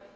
like that.